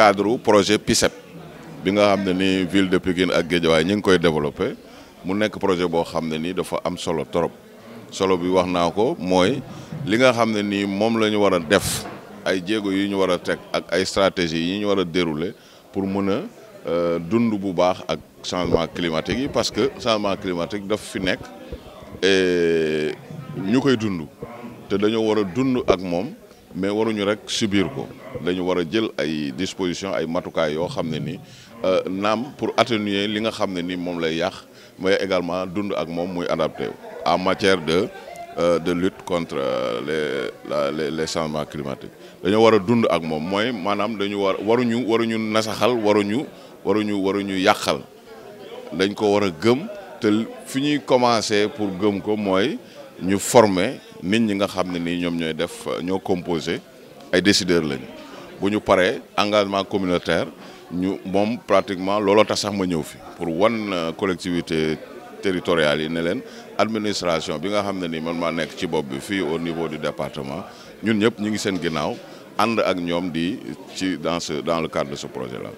cadre projet PICEP e bi nga xam ni ville de Pikine ak Guédiawaye ñu ngi koy développé mu nekk projet boo xam ne ni dafa am solo trop solo bi wax naa ko li nga xamné ni mom lañu wara def ay djégo yi ñu wara tek ak ay stratégies yi ñu wara dérouler pour mëna euh dund bu baax ak changement climatique yi parce que changement climatique daf fi nekk euh koy dund té dañu wara a dund ak mom mais waruñu rek subir ko dañu dispositions des matukaay euh, pour atténuer ce que vous mais également dund ak adapté en matière de euh, de lutte contre euh, les les changements climatiques Nous devons dund ak commencer pour nous former nit ñi nga xam ni ñom ñoy def ñoo composer ay décideurs lañu buñu paré engagement communautaire ñu mom pratiquement lolo tax sax ma ñëw fi pour wan euh, collectivité territoriale yi ne leen administration bi nga xam ne man ma nekk ci bopp bi fi au niveau du département ñun ñëpp ñi ngi seen ginnaaw and ak ñom di ci dans ce dans le cadre de ce projet là.